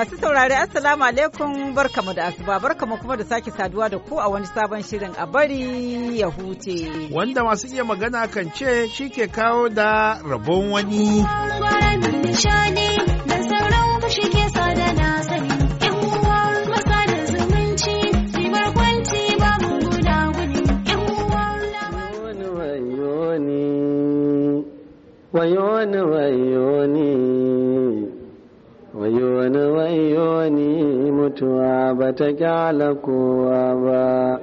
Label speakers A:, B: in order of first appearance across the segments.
A: Masu saurari Assalamu alaikum barkamu da asuba barkamu kuma da sake saduwa da ku a wani sabon shirin a bari ya huce.
B: Wanda masu iya magana kan
A: ce shi
C: ke kawo da rabon wani.
D: Wayoni wayoni wani wayo ni mutuwa ba ta kyala kowa ba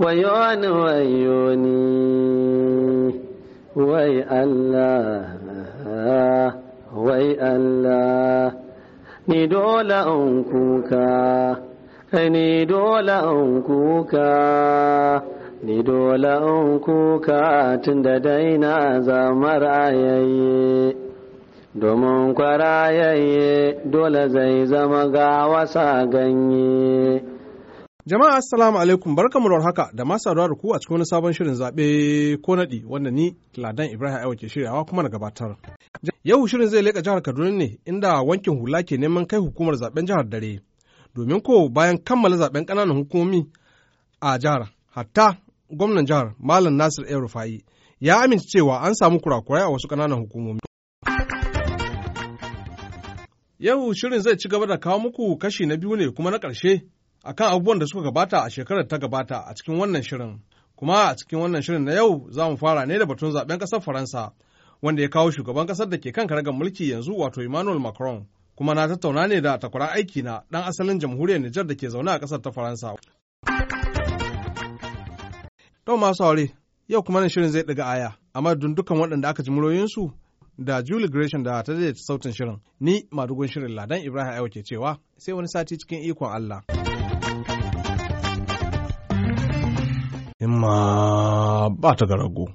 D: wayo wani wayo ni wai Allah wai Allah ni dole in kuka ni dole in kuka ni dole in kuka tun da daina zamar ayaye. domin kwarayayye dole zai zama ga wasa ganye. Jama'a
E: assalamu alaikum barkamu da haka da masu da ku a cikin wani sabon shirin zaɓe ko naɗi wanda ni Ladan Ibrahim Aiwa ke shiryawa kuma na gabatar. Yau shirin zai leƙa jihar Kaduna ne inda wankin hula ke neman kai hukumar zaɓen jihar dare. Domin ko bayan kammala zaɓen ƙananan hukumomi a jihar hatta gwamnan jihar Malam Nasir El Rufai ya amince cewa an samu kurakurai a wasu ƙananan hukumomi. Yau shirin zai ci gaba da kawo muku kashi na biyu ne kuma na ƙarshe a kan abubuwan da suka gabata a shekarar ta gabata a cikin wannan shirin. Kuma a cikin wannan shirin na yau za mu fara ne da batun zaben ƙasar Faransa wanda ya kawo shugaban ƙasar da ke kan karagar mulki yanzu wato Emmanuel Macron. Kuma na tattauna ne da takwaran aiki na ɗan asalin jamhuriyar Nijar da ke zaune a ƙasar ta Faransa. Tau masu aure, yau kuma nan shirin zai ɗiga aya, amma dukan waɗanda aka ji muroyinsu da Julie Gresham da ta daidaita sautin shirin. Ni madugun shirin Ladan Ibrahim Ayo ke cewa sai wani sati cikin ikon Allah. Imma ba ta garago.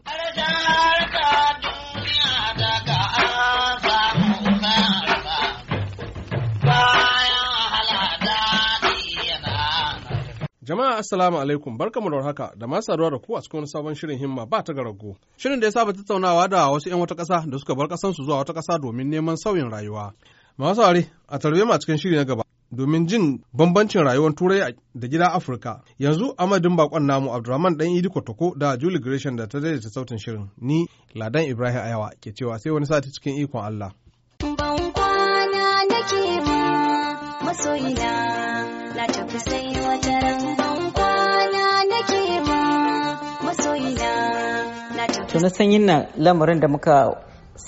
E: Jama'a assalamu alaikum barkamu da haka da ma saduwa da ku a cikin sabon shirin himma ba ta garago. Shirin da ya saba tattaunawa da wasu 'yan wata ƙasa da suka bar ƙasansu zuwa wata ƙasa domin neman sauyin rayuwa. Masu aure a tarbe ma cikin shiri na gaba domin jin bambancin rayuwar Turai da gida Afirka. Yanzu amadin bakon namu Abdulrahman Dan Idi Kotoko da Juli Gresham da ta daidaita sautin shirin ni Ladan Ibrahim Ayawa ke cewa sai wani sati cikin ikon Allah.
A: Ban kwana nake to na san yin lamarin da muka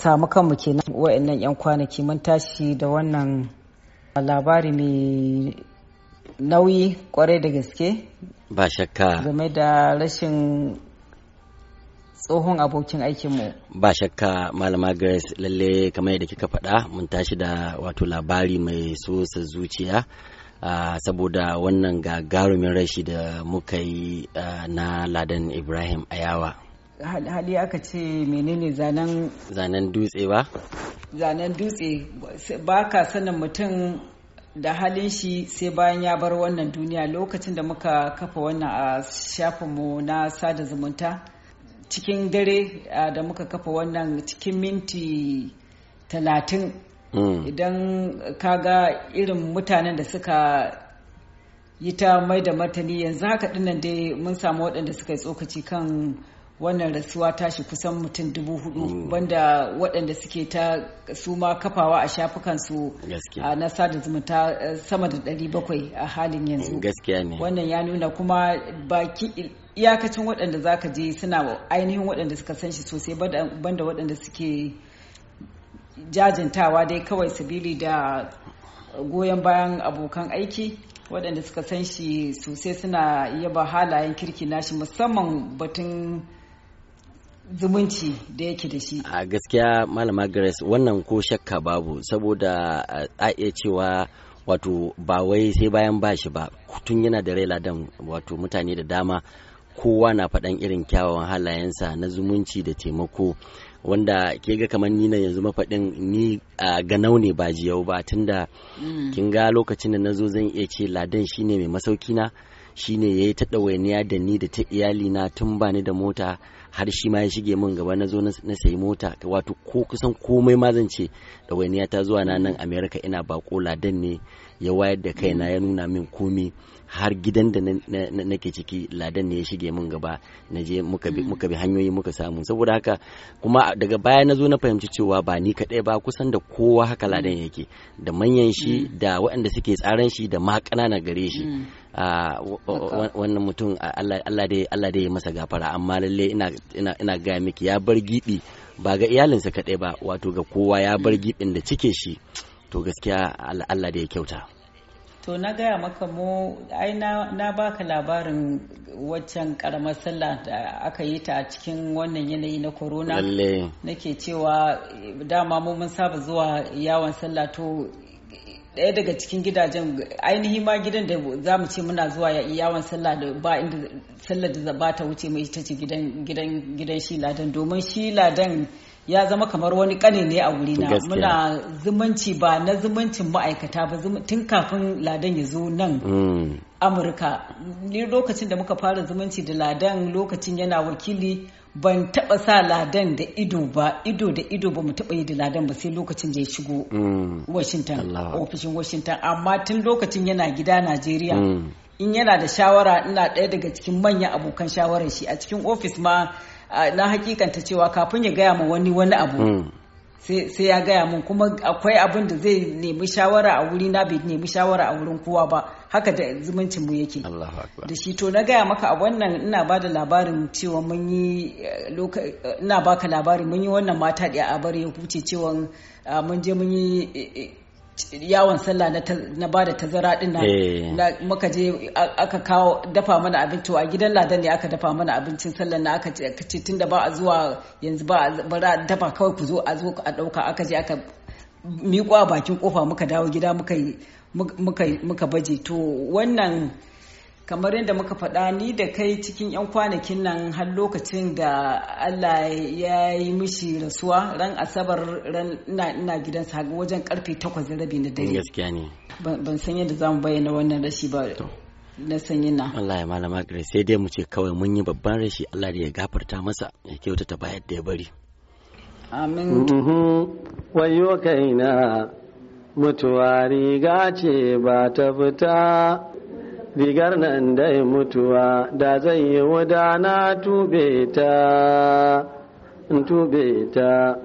A: samu kanmu kenan wa'annan 'yan kwanaki mun tashi da wannan labari mai nauyi kwarai da gaske ba shakka game da rashin tsohon abokin aikinmu
F: ba shakka malama grace lalle kamar yadda kika faɗa mun tashi da wato labari mai sosa zuciya saboda wannan gagarumin rashi da muka yi na ladan ibrahim ayawa
A: hali aka ce menene zanen
F: zanen dutse ba
A: zanen dutse ba ka sanin mutum da halin shi sai bayan ya bar wannan duniya lokacin da muka kafa wannan a shafinmu na sada zumunta cikin dare da muka kafa wannan cikin minti talatin Mm. idan ka ga irin mutanen da suka yi ta mai da martani yanzu haka dinnan dai mun samu waɗanda suka yi tsokaci kan wannan rasuwa tashi kusan mutum dubu hudu mm. banda waɗanda suke ta su ma kafawa a shafukansu na sada zumunta eh, sama da ɗari bakwai a halin yanzu
F: mm,
A: wannan ya nuna kuma baki iyakacin waɗanda za ka je suna ainihin waɗanda suka san shi sosai banda waɗanda suke jajintawa dai kawai sabili da goyon bayan abokan aiki waɗanda suka san shi sosai suna yaba halayen kirki nashi musamman batun zumunci da yake da shi a
F: gaskiya malama grace wannan ko shakka babu saboda eh, a iya cewa wato ba wai sai bayan ba shi ba tun yana da rai ladan wato mutane da dama kowa na faɗan irin kyawawan halayensa na zumunci da taimako wanda ke ga kamar ni na yanzu mafaɗin ni a ganau ne ba jiyau ba tunda mm. kin ga lokacin da na zo zan iya ce ladan shine mai masauki na shine ya yi ta ɗawainiya da ni da ta iyali na tun ba ni da mota har shi ma ya shige min gaba na zo na sayi mota wato ko kusan komai ma zan ce ɗawainiya ta zuwa na nan Amerika ina bako ladan ne ya wayar da kaina ya nuna min komi har gidan da nake ciki ladan ne ya shige min gaba na je mm. muka bi hanyoyi muka samu saboda haka kuma daga baya na zo na fahimci cewa ba ni kaɗai ba kusan da kowa haka ladan mm. yake da manyan shi mm. da waɗanda suke tsaran shi da ma ƙanana gare shi ah, wannan mutum Allah dai ya masa gafara amma lalle ina ga miki ya bar giɓi ba ga iyalinsa kaɗai ba wato ga kowa ya bar giɓin da cike shi to gaskiya Allah da ya kyauta
A: to na gaya maka mu ai na baka labarin waccan karamar sallah da aka yi ta a cikin wannan yanayi na corona nake cewa dama mu mun saba zuwa yawon sallah to daya daga cikin gidajen ainihi ma gidan da za mu ce muna zuwa yawon sallah da ba inda sallar da ba ta wuce mai ita ce gidan gidan gidan shi ladan domin shi ladan ya zama kamar wani kane ne a wuri na muna zumunci ba na zumuncin ma'aikata ba tun kafin ladan ya zo nan mm. amurka ni lokacin da muka fara zumunci da ladan lokacin yana wakili ban taba sa ladan da ido ba ido da ido ba mu taba yi da ladan ba sai lokacin da ya shigo mm. washington ofishin washington amma tun lokacin yana gida najeriya mm. in yana da shawara ina ɗaya daga cikin manyan abokan shawarar shi a cikin ofis ma na hakikanta cewa kafin ya gaya ma wani wani abu hmm. sai ya gaya mun kuma akwai abin da zai nemi shawara a wuri na bai nemi shawara a wurin kowa ba haka da zumuncin mu yake da shi to na gaya maka a wannan ina ba da labarin cewa mun yi eh, ina baka labarin mun yi wannan mata da a bare ya huce cewa mun je mun yi eh, eh, yawon sallah na ba da tazara din eh. na muka je aka kawo dafa mana abinci a gidan ladan ne aka dafa mana abincin sallah na aka ce tun da ba a zuwa yanzu ba a dafa kawai ku zo a zo a dauka aka je aka miƙo a bakin kofa muka dawo gida muka baje to wannan kamar yadda muka faɗa ni da kai cikin 'yan kwanakin nan har lokacin da allah ya yi mishi rasuwa ran asabar ran ina gidansa haga wajen karfe takwas rabi na dare gaskiya ne ban san yadda za mu bayyana wannan rashi ba na sanyin na
F: allah ya malama kare sai dai mu ce kawai mun yi babban rashi allah da ya gafarta masa ya kyauta ta bayar da ya bari
D: amin wayo kaina mutuwa riga ba ta fita rigar nan dai mutuwa da zai yi wuda na tube ta tube ta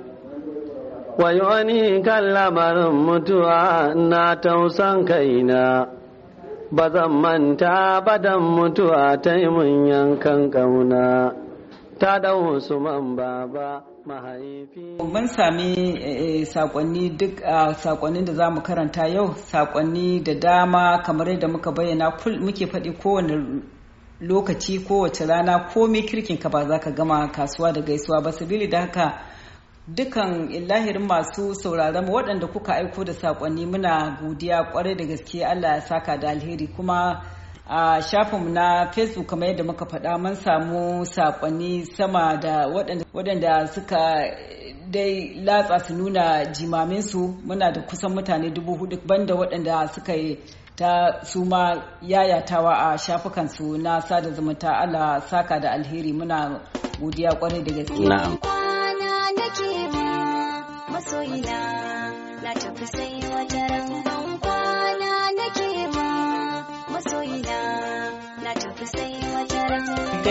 D: wani kan lamarin mutuwa na tausan kaina ba zan manta ba badan mutuwa ta yi mun yankan kauna ta dau su man baba Mun
A: sami eh, eh, sakonni duk ah, sakonnin da za mu karanta yau sakonni da dama kamar yadda muka bayyana muke faɗi kowane lokaci kowace rana komi kirkin ka ba za ka gama kasuwa da gaisuwa ba sabili da haka dukan lahirin masu sauraron waɗanda kuka aiko da sakonni muna godiya kwarai da gaske Allah ya saka da alheri kuma a shafinmu na facebook kamar yadda muka faɗa mun samu saƙonni sama da waɗanda suka dai latsa su nuna jimaminsu muna da kusan mutane dubu hudu banda waɗanda suka yi ta su yayatawa a shafukansu na sada zumunta ala saka da alheri muna godiya kwarai da gaske na'am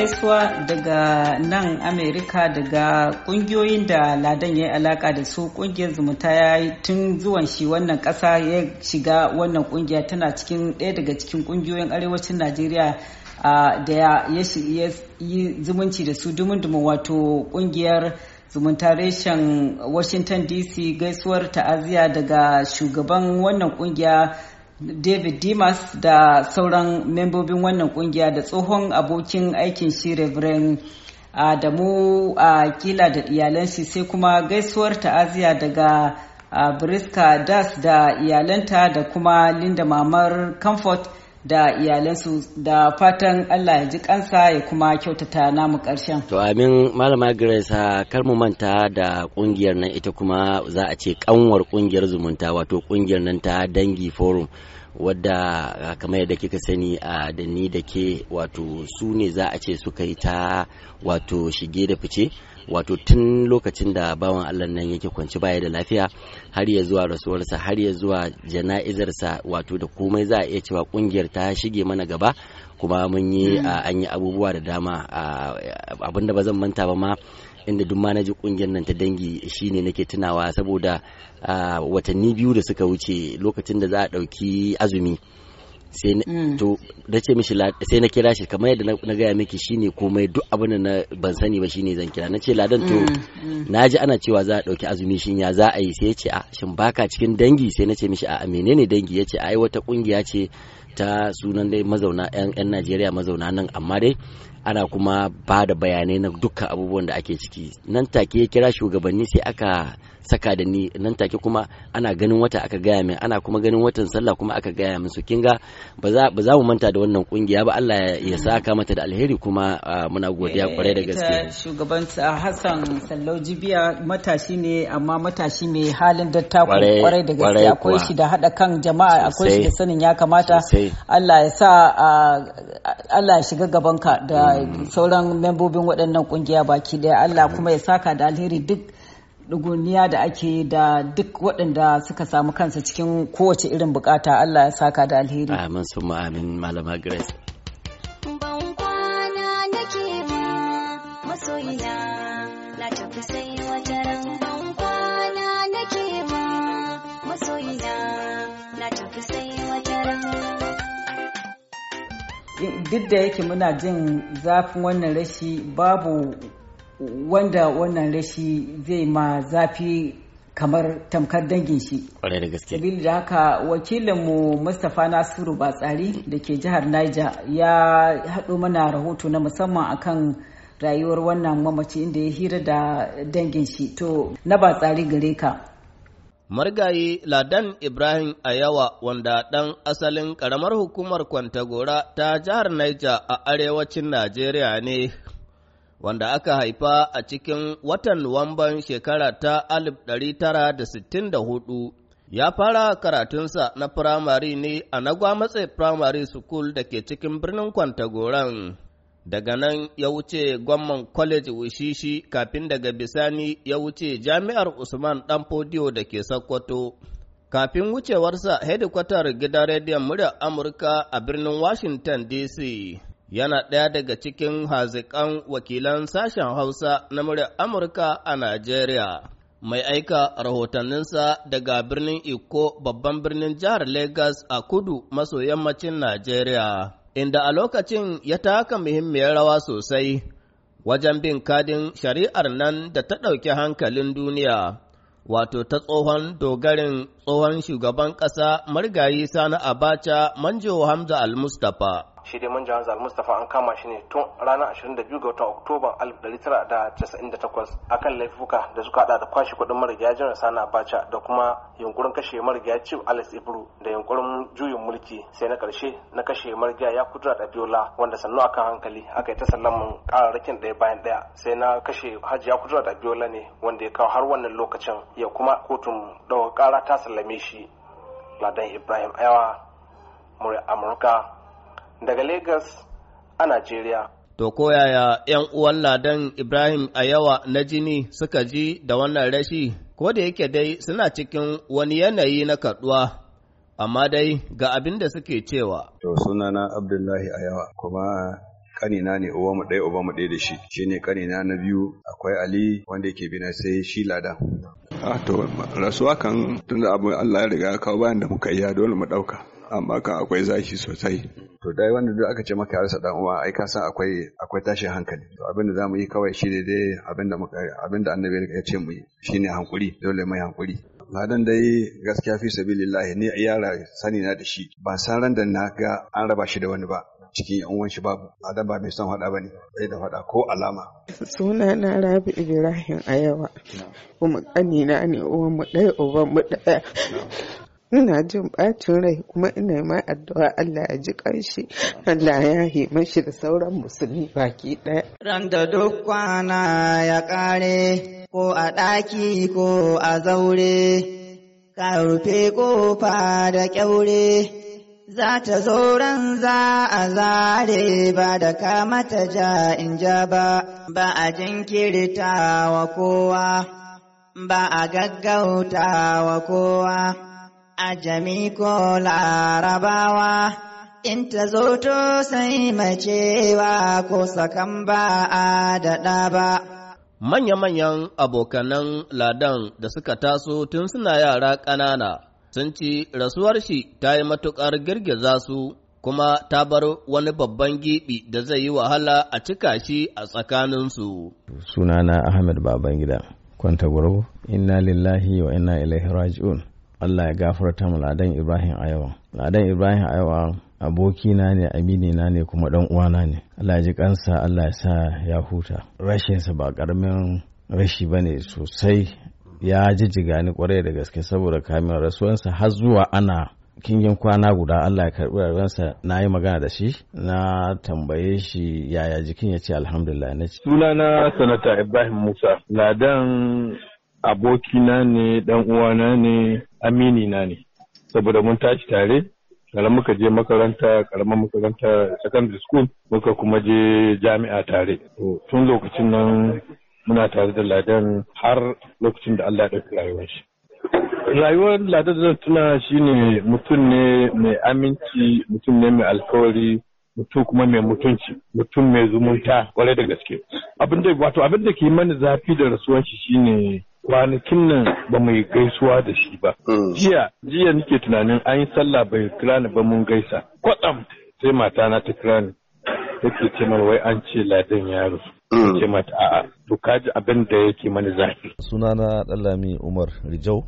A: gaisuwa daga nan Amerika daga kungiyoyin da Ladan ya yi alaka da su kungiyar zumunta ya yi tun zuwan shi wannan kasa ya shiga wannan kungiya tana cikin ɗaya daga cikin kungiyoyin arewacin Najeriya da ya yi zumunci da su dumin wato kungiyar zumunta reshen Washington DC gaisuwar ta'aziya daga shugaban wannan kungiya David Dimas da sauran membobin wannan kungiya da tsohon abokin aikin shi Reverend Adamu a kila da iyalan sai kuma gaisuwar ta'aziya daga Briska Das da iyalanta da kuma Linda Mamar Comfort da iyalansu da fatan Allah ya ji kansa ya kuma kyautata namu ƙarshen.
F: To amin malama Grace kar mu manta da kungiyar nan ita kuma za a ce kanwar kungiyar zumunta wato kungiyar nan ta dangi forum. wadda ah, kamar yadda kika sani a ah, da ni da ke wato su ne za a ce suka yi ta wato shige da fice wato tun lokacin da bawan allah nan yake kwanci baya da lafiya har ya zuwa rasuwarsa har ya zuwa jana'izarsa wato da komai za a iya cewa kungiyar ta shige mana gaba kuma mun yi mm. ah, an yi abubuwa da dama abinda ba zan manta ba ma inda duk ji kungiyar nan ta dangi shine nake tunawa saboda watanni biyu da suka wuce lokacin da za a ɗauki azumi sai mm. to ce mishi na kira shi kamar yadda na gaya miki shine komai duk abin da na ban sani ba shine zan kira na ce ladan to mm, mm. na ji ana cewa za a ɗauki azumi shin ya za a yi sai ya ce a shin baka cikin dangi sai na ce mishi a menene dangi ya ce ai wata kungiya ce ta sunan dai mazauna 'yan Najeriya mazauna nan amma dai ana kuma ba da bayanai na dukkan abubuwan da ake ciki nan take ya kira shugabanni sai aka saka da ni nan take kuma ana ganin wata aka gaya min ana kuma ganin watan sallah kuma aka gaya min su kinga ba za mu manta da wannan kungiya ba Allah ya saka mata da alheri kuma muna godiya eh, kwarai da gaske
A: shugaban Hassan Sallau Jibiya matashi ne amma matashi mai halin dattako kwarai da gaske akwai shi da hada kan jama'a akwai shi da sanin ya kamata Allah ya sa Allah ya shiga gaban ka da mm. sauran membobin waɗannan kungiya baki daya Allah mm. kuma ya saka da alheri duk ɗuguniya da ake da duk waɗanda suka samu kansa cikin kowace irin bukata Allah ya saka da alheri. Amin sun amin malama Grace. Ban kwana nake ba masoyina na tafi sai wata ran ban kwana nake ba masoyina
F: na tafi sai wata ran.
A: Duk da yake muna jin zafin wannan rashi babu wanda wannan rashi zai ma zafi kamar tamkar dangin shi. Kwarai da gaske. Sabili da haka wakilinmu Mustapha Nasiru Batsari da ke jihar Niger ya haɗo mana rahoto na musamman akan rayuwar wannan mamaci inda ya hira da dangin shi. To, na Batsari gare ka.
G: marigayi Ladan Ibrahim Ayawa wanda ɗan asalin karamar hukumar Kwantagora ta jihar Niger a arewacin Najeriya ne wanda aka haifa a cikin watan Nuwamban shekara ta 1964, ya fara karatunsa na firamare ne a Nagwamatse firamare School da ke cikin birnin Kwantagoran. Daga nan ya wuce gwamman College Wishishi kafin daga bisani ya wuce Jami'ar Usman Danfodiyo da ke Sokoto. Kafin wucewarsa hedikwatar gidan rediyon Murya Amurka a birnin Washington DC. yana ɗaya daga cikin haziƙan wakilan sashen Hausa na murya Amurka a Najeriya. Mai aika rahotanninsa daga birnin Iko babban birnin jihar Legas a kudu maso yammacin Najeriya, inda a lokacin ya taka muhimmiyar rawa sosai wajen bin kadin shari'ar nan da ta ɗauki hankalin duniya, wato ta tsohon dogarin tsohon shugaban ƙasa marigayi Sani Abacha Manjo Hamza Al-Mustapha.
E: shi dai manja hanzu mustafa an kama shi ne tun ranar 22 ga watan oktoba 1998 akan laifuka da suka hada da kwashe kudin marigayi jiran sana abacha da kuma yunkurin kashe marigayi chief alex ibru da yunkurin juyin mulki sai na karshe na kashe marigayi ya kudura da biola wanda sannu akan hankali aka yi ta sallaman kararrakin ɗaya bayan ɗaya sai na kashe hajji ya kudura da biola ne wanda ya kawo har wannan lokacin ya kuma kotun ɗaukar kara ta sallame shi ladan ibrahim ayawa amurka daga Legas a Najeriya.
G: To ko yaya 'yan uwan Ladan Ibrahim a yawa na jini suka ji da wannan rashi, ko da yake dai suna cikin wani yanayi na kaduwa. amma dai ga abin da suke cewa.
C: To sunana Abdullahi Ayawa kuma kanina ne uwa mu ɗaya uba mu ɗaya da shi shine kanina na biyu akwai Ali wanda yake bina sai shi ladan Ah to rasuwa kan tunda abu Allah ya riga ya kawo bayan da muka iya dole mu ɗauka amma kan akwai zafi sosai to dai wanda duk aka ce maka ya rasa dan uwa ai ka san akwai akwai tashin hankali to abin da zamu yi kawai shine dai abin da muka abin da annabi ya ce mu yi shine hankuri dole mai hankuri ladan dai gaskiya fi sabilillahi ni yara sani na da shi ba san ran da na ga an raba shi da wani ba cikin yan uwan shi babu adam ba mai son hada bane sai da hada ko alama
B: suna na rabi ibrahim ayawa kuma kanina ne uwan mu dai uban mu dai ina jin bacin rai kuma ina ma addu'a Allah ya ji ƙarshe Allah ya yi mashi da sauran musulmi baki ɗaya.
H: Randa da duk kwana ya ƙare ko a ɗaki ko a zaure ka rufe kofa da ƙyaure za ta ran za a zare ba da kamata ja in ja ba ba a jinkirta wa kowa ba a gaggauta wa kowa. ajami ko larabawa in ta zo to sai macewa
G: ko sakan ba a
H: daɗa ba.
G: manya-manyan abokanan ladan da suka taso tun suna yara ƙanana sun ci rasuwar shi ta yi matuƙar girgiza su kuma ta bar wani babban giɓi da zai yi wahala a cika shi a tsakaninsu.
B: Sunana Ahmed Babangida, Kwantagoro, inna lillahi wa inna ilaihi raji'un. Allah ya gafarta mu Ladan Ibrahim Ayawa. Ladan Ibrahim Ayawa abokina ne aminina ne kuma dan uwana ne. Allah ya ji kansa Allah ya sa ya huta. Rashinsa ba karamin rashi ba ne sosai ya jijjiga ni kwarai da gaske saboda kamin rasuwansa har zuwa ana kingin kwana guda Allah ya karɓi rasuwansa na yi magana da shi na tambaye shi yaya jikin ya ce alhamdulillah na
I: sunana sanata ibrahim musa ladan abokina ne dan uwana ne amini na ne saboda mun tashi tare kalan muka je makaranta karamar makaranta secondary school muka kuma je jami'a tare tun lokacin nan muna tare da ladan har lokacin da Allah ya ɗauki rayuwar shi rayuwar ladan da tuna shine mutum ne mai aminci mutum ne mai alkawari mutum kuma mai mutunci mutum mai zumunta kwarai da gaske abin da wato abin da ke mana zafi da rasuwar shi shine kwanakin nan ba mu yi gaisuwa da shi ba. Hmm. Jiya, jiya nike tunanin an yi sallah bai kira ni ba mun gaisa. Kwatsam sai mata na ta kira ni. Take ce mana wai an ce ladan ya rasu. Hmm. Ce mata a'a to ji abin da yake mani zafi.
B: Sunana Dallami Umar Rijau.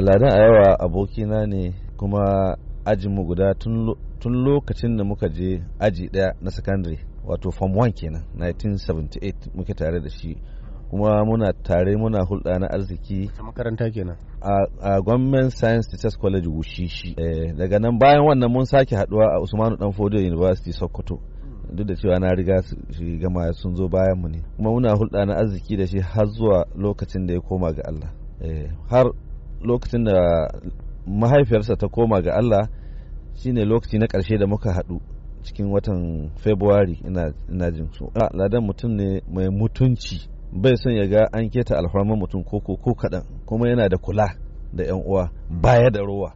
B: Ladan a yawa abokina ne kuma ajinmu guda tun lokacin da muka je aji ɗaya na sakandare wato form 1 kenan 1978 muke tare da shi kuma muna tare muna hulɗa na arziki
G: a makaranta kenan
B: a government science teachers college wushishi eh, daga nan bayan wannan mun sake haduwa a usmanu danfodio university sokoto hmm. duk da cewa na riga shi gama sun zo bayan mu ne kuma muna hulɗa na arziki da shi har zuwa lokacin da ya koma ga Allah eh, har lokacin da mahaifiyarsa ta koma ga Allah shine lokaci na karshe da muka haɗu cikin watan February ina jin so. Ah, Ladan mutum ne mai mutunci bai son ya ga an keta alfarmar mutum ko ko kaɗan kuma yana da kula da 'yan uwa mm. baya da rowa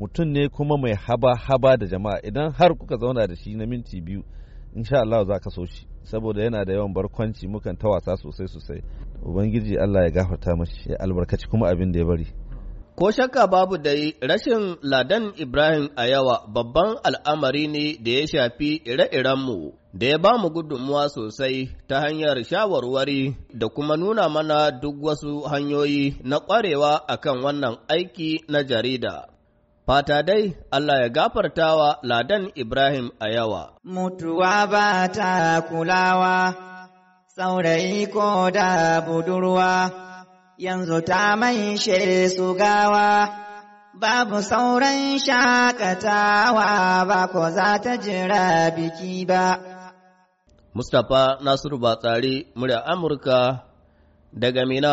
B: mutum ne kuma mai haba haba da jama'a idan har kuka zauna da shi na minti biyu insha Allah za ka so shi saboda yana da yawan barkwanci mukan ta wasa sosai sosai ubangiji Allah ya gafarta mashi ya albarkaci kuma abin da ya bari
G: Ko shakka babu dai rashin Ladan Ibrahim a yawa babban al'amari ne da ya shafi ire-irenmu da ya ba mu gudunmuwa sosai ta hanyar shawarwari da kuma nuna mana duk wasu hanyoyi na ƙwarewa a kan wannan aiki na jarida. Fata dai Allah ya gafarta wa Ladan Ibrahim a yawa.
H: Mutuwa ba ta kulawa, saurayi ko da budurwa. yanzu ta manshe su gawa, babu sauran shakatawa ba ko za ta jira biki ba.
G: Mustapha Nasiru Batsari, murya Amurka daga Mina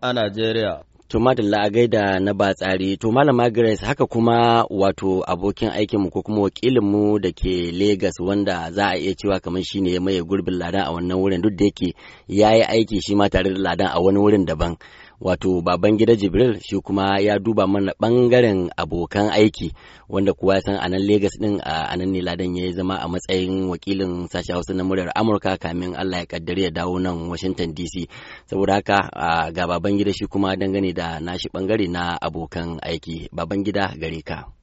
G: a Najeriya.
F: To madalla a gaida na ba tsari, to malama Grace haka kuma wato abokin aikinmu ko kuma wakilinmu da ke Legas wanda za a iya cewa kamar shi ne ya maye gurbin ladan a wannan wurin duk da yake ya yi aiki shi ma tare da ladan a wani wurin daban. wato baban gida jibril shi kuma ya duba mana bangaren abokan aiki wanda kuwa san a nan Legas din a nan ne ladan ya zama a matsayin wakilin sashi hausa na muryar amurka kamin allah ya kaddare ya dawo nan washington dc saboda haka ga baban gida shi kuma dangane da nashi bangare na abokan aiki baban gida gare ka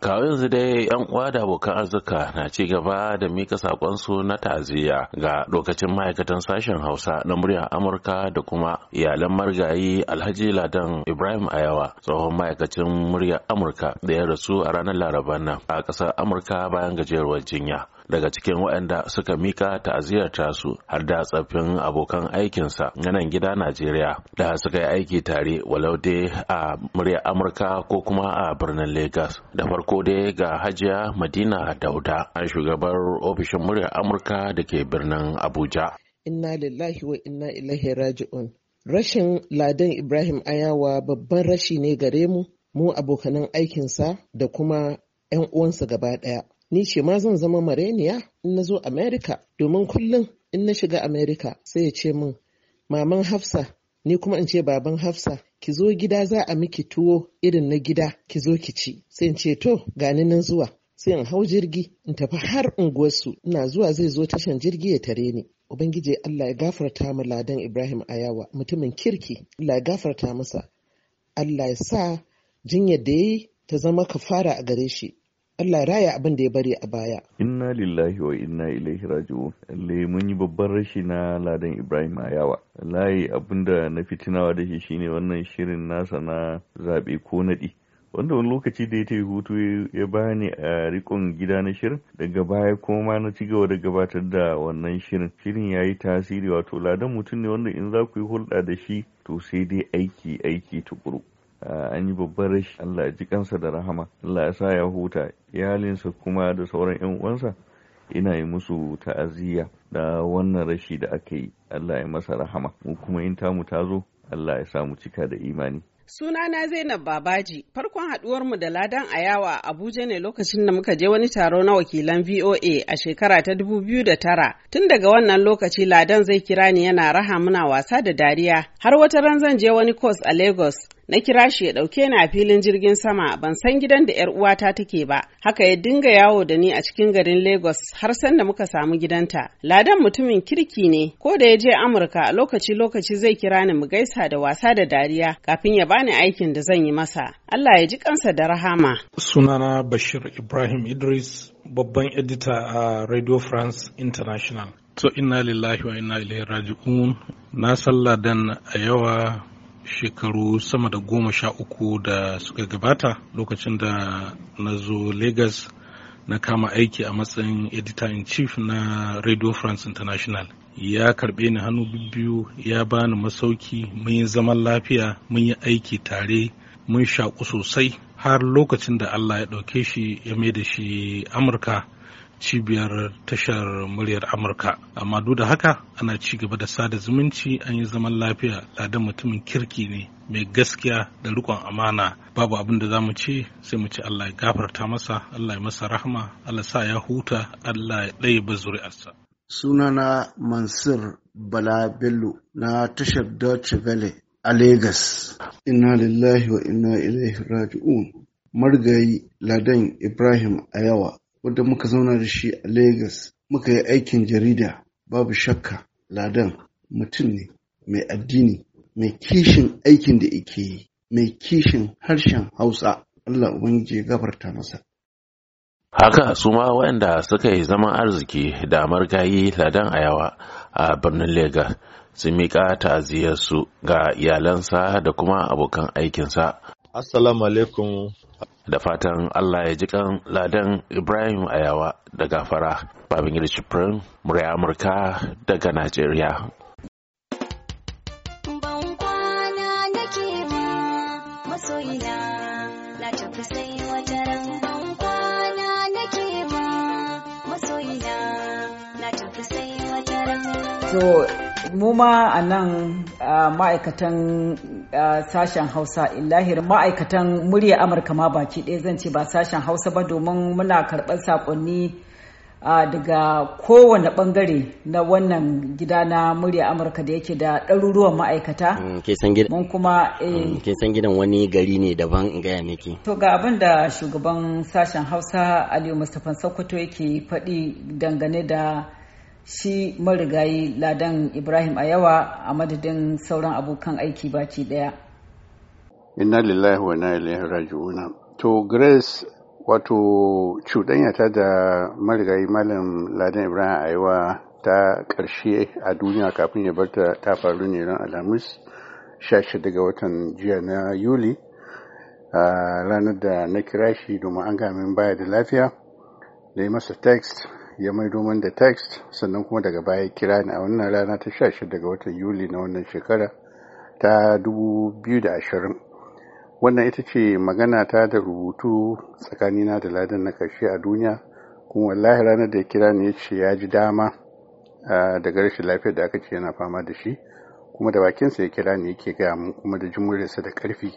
J: Kawo yanzu dai yan uwa da abokan arzika na ci gaba da mika sakonsu na ta'aziyya ga lokacin ma'aikatan sashen Hausa na muryar Amurka da kuma iyalan margayi Alhaji Ladan Ibrahim Ayawa tsohon ma'aikacin muryar Amurka da ya rasu a ranar Laraban nan a ƙasar Amurka bayan gajeruwar jinya. daga cikin waɗanda suka mika ta'aziyar tasu har da tsaffin abokan aikinsa na nan gida Najeriya da suka yi aiki tare walau dai a murya Amurka ko kuma a birnin Lagos. Da farko dai ga Hajiya Madina Dauda, an shugabar ofishin murya Amurka da ke birnin Abuja.
A: Inna lillahi wa inna ilaihi raji'un. Rashin Ladan Ibrahim Ayawa babban rashi ne gare mu, mu abokanan aikinsa da kuma 'yan uwansa gaba ɗaya. ni ce ma zan zama mareniya in na zo Amerika domin kullum in na shiga Amerika sai ya ce min maman Hafsa ni kuma in ce baban Hafsa ki zo gida za a miki tuwo irin na gida ki zo ki ci sai in ce to gani nan zuwa sai in hau jirgi in tafi har unguwarsu ina zuwa zai zo tashan jirgi ya tare ni ubangiji Allah ya gafarta mu ladan Ibrahim Ayawa mutumin kirki Allah ya gafarta masa Allah ya sa jinyar da yi ta zama kafara a gare shi Allah raya abin da ya bari a baya.
B: Inna lillahi wa inna ilaihi raji'un. Allah mun yi babban rashi na Ladan Ibrahim Ayawa. Layi abin da na fitinawa da shi shine wannan shirin nasa na zaɓe ko naɗi. wanda wani lokaci da ya tafi hutu ya bani a rikon gida na shirin daga baya kuma na ci gaba da gabatar da wannan shirin shirin ya yi tasiri wato ladan mutum ne wanda in za ku yi hulɗa da shi to sai dai aiki aiki tukuru Eh, an yi babbar rashi Allah ya ji kansa da rahama Allah ya sa ya huta iyalinsa kuma da sauran yan uwansa ina yi musu ta'aziyya da wannan rashi da aka yi Allah ya masa rahama mu kuma in tamu ta zo Allah ya sa mu cika da imani
A: Sunana Zainab Babaji, farkon mu da Ladan Ayawa a Abuja ne lokacin da muka je wani taro na wakilan VOA a shekara ta dubu biyu da tara. Tun daga wannan lokaci Ladan zai kira ni yana raha muna wasa da dariya. Har wata ran zan je wani course a Lagos. Na kira shi ya ɗauke ni a filin jirgin sama ban san gidan da ‘yar uwata take ba, haka ya dinga yawo da ni a cikin garin Lagos har san da muka samu gidanta. Ladan mutumin kirki ne, ko da ya je Amurka lokaci-lokaci zai kira ni mu gaisa da wasa da dariya kafin ya ba bani aikin da zan yi masa. Allah ya ji kansa da rahama.
I: Sunana Bashir Ibrahim Idris, babban edita a Radio France International. To inna lillahi wa inna ilaihi raji'un. Na sallah dan a yawa shekaru sama da goma sha uku da suka gabata lokacin da na zo Lagos na kama aiki a matsayin editor in chief na Radio France International. ya karɓe ni hannu biyu ya bani masauki mun yi zaman lafiya mun yi aiki tare mun shaƙu sosai har lokacin da Allah ya ɗauke shi ya mai da shi Amurka cibiyar tashar muryar Amurka. Amma duk da haka ana ci gaba da sada zumunci an yi zaman lafiya ladan mutumin kirki ne mai gaskiya da rikon amana babu abin da za mu ce sai mu ce Allah ya gafarta masa Allah ya masa rahma, Allah sa ya huta Allah ya ɗaya ba zuri'arsa.
C: Sunana Mansur Bala Bello na tashar Deutsche Welle a Legas. Ina lillahi wa ina ilaihi raji'un. Margayi Ladan Ibrahim Ayawa wadda muka zauna da shi a Legas muka yi aikin jarida babu shakka Ladan mutum ne mai addini mai kishin aikin da ike yi mai kishin harshen Hausa Allah Ubangiji gabarta masa.
J: haka su ma waɗanda suka yi zaman arziki da margayi ladan ayawa a birnin Legas sun miƙa ta'aziyarsu ga iyalansa da kuma abokan aikinsa. Assalamu alaikum. Da fatan Allah ya ji kan ladan Ibrahim Ayawa da gafara. Babangida Shifrin, murya Amurka daga Najeriya.
A: So, mu ma a nan ma'aikatan sashen hausa illahir ma'aikatan murya amurka ma baki ɗaya zan ce ba sashen hausa ba domin muna karɓar saƙonni daga kowane ɓangare na wannan gida na murya amurka da yake da ɗaruruwan ma'aikata mm,
F: mun kuma eh, mm, ke san gidan wani gari ne daban in gaya miki
A: to ga abin da shugaban sashen hausa aliyu mustapha sokoto yake faɗi dangane da shi marigayi ladan ibrahim a yawa a madadin sauran abokan aiki baki daya
C: inna lillahi wa inna ilaihi raji'una to grace wato ta da marigayi malam ladan ibrahim a yawa ta ƙarshe a duniya kafin ya bar ta faru ne ran alhamis 16 daga watan jiya na yuli ranar da na kira shi domin an gami baya da lafiya da yi masa text ya mai man da text sannan kuma daga baya kira ni a wannan rana ta 16 ga watan yuli na wannan shekara ta 2020 wannan ita ce magana ta da rubutu tsakanina da ladan na karshe a duniya kuma wallahi ranar da ya kira ni ya ce ya ji dama daga rashin lafiyar da aka ce yana fama da shi kuma da bakinsa ya kira ni yake gaya mun kuma da jimurinsa da karfi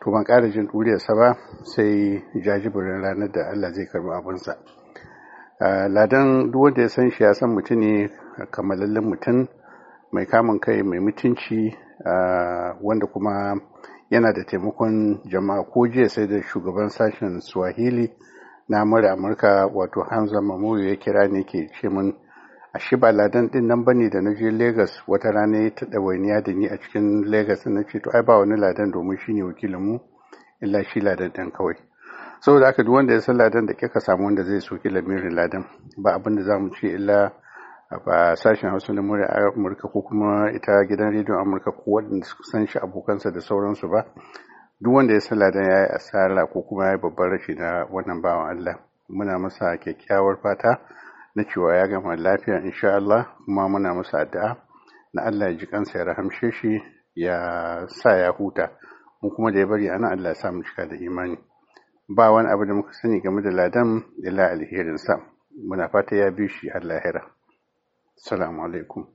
C: to ban ƙara jin duriyarsa ba sai jajibirin ranar da Allah zai karbi abinsa. Eh, ladan duk wanda ya san shi ya san mutum ne eh, kamalallen mutum mai kamun kai mai mutunci eh, wanda kuma yana da taimakon jama'a ko jiya sai da shugaban sashen swahili na mura amurka wato hamza mamoyo ya kira ne ke ce mun a shi ba ladan din nan bane da na je Legas wata rana ya taɗa da ni a cikin Legas na ce to ai ba wani ladan domin shi ne wakilinmu. illa shi ladan ɗin kawai saboda haka duk wanda ya san ladan da kika samu wanda zai soki lamirin ladan ba abin da mu ce illa ba sashen hausa na murya amurka ko kuma ita gidan rediyon amurka ko wadanda suka san shi abokansa da sauransu ba duk wanda ya san ladan ya yi asara ko kuma ya yi babbar rashi na wannan bawan allah muna masa kyakkyawar fata na cewa ya gama lafiya insha Allah kuma muna masa addu'a na Allah ya ji kansa ya rahamshe shi ya sa ya huta mu kuma da ya bari ana Allah ya sa cika da imani ba wani abu da muka sani game da ladan ila alherinsa muna fata ya bi shi har lahira salamu alaikum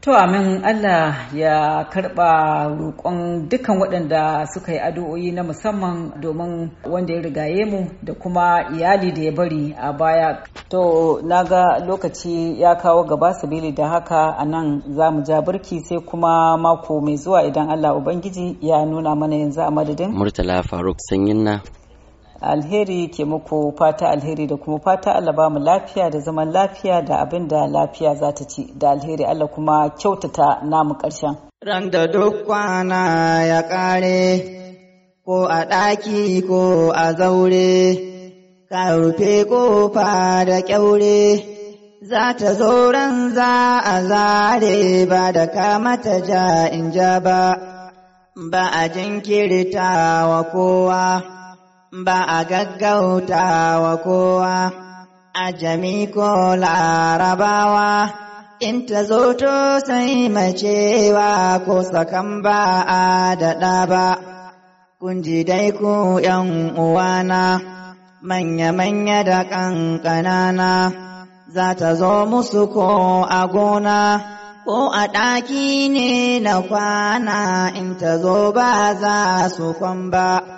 A: to amin allah ya karba roƙon dukan waɗanda suka yi addu'o'i na musamman domin wanda ya rigaye mu da kuma iyali da ya bari a baya to na ga lokaci ya kawo gaba sabili da haka a nan za mu ja birki sai kuma mako mai zuwa idan allah ubangiji ya nuna mana yanzu a madadin
F: murtala faruk sanyin na
A: alheri ke muku fata alheri da kuma fata Allah ba mu lafiya da zaman lafiya da abin da lafiya za ta ci da alheri Allah kuma kyautata namu ƙarshen.
H: Ran da duk
A: kwana ya ƙare ko a ɗaki ko a
H: zaure ka rufe kofa da ƙyaure za ta zo ran za a zare ba da kamata ja in ja ba ba a jinkirta wa kowa. ba a gaggauta wa kowa, a jami ko larabawa, in ta zo to sai macewa ko sakan ba a daɗa ba, kun ji dai ku ’yan uwana, manya-manya da ƙanƙanana, za ta zo musu ko a gona. ko a ɗaki ne na kwana in ta zo ba za su kwamba. ba.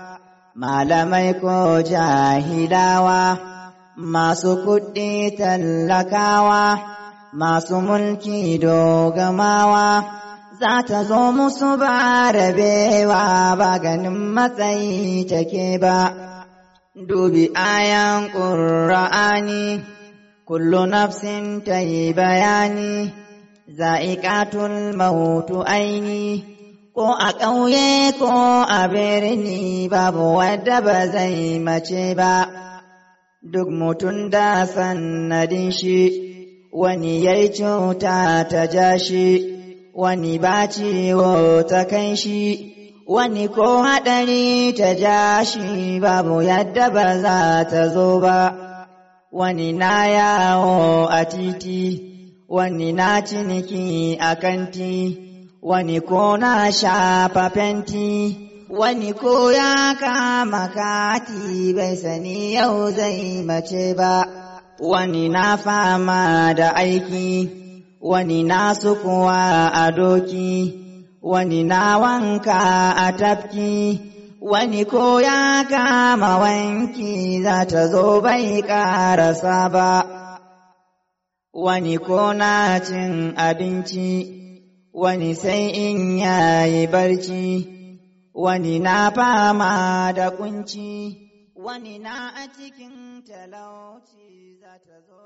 H: malamai ko jahilawa masu kuɗi tallakawa masu mulki dogamawa za ta zo musu ba rabewa ba ganin matsayi take ba dubi ayan ƙura'ani nafsin ta yi bayani زائقة الموت ainihi Ko a ƙauye ko a birni babu wadda ba zai mace ba, duk mutum da sannadin shi, wani ya yi cuta ta ja shi, wani ba ciwo ta kai shi, wani ko haɗari ta ja shi babu yadda ba za ta zo ba, wani na yawo a titi, wani na ciniki a kanti. wani ko na shafa fenti, wani ko ya kama kati bai sani yau zai mace ba, wani na fama da aiki, wani na sukuwa a doki, wani na wanka a tafki. Wani ko ya kama wanki za ta zo bai karasa ba, wani ko na cin abinci. wani sai in yayi barci, wani na fama da kunci, wani na a cikin talauci za ta zo.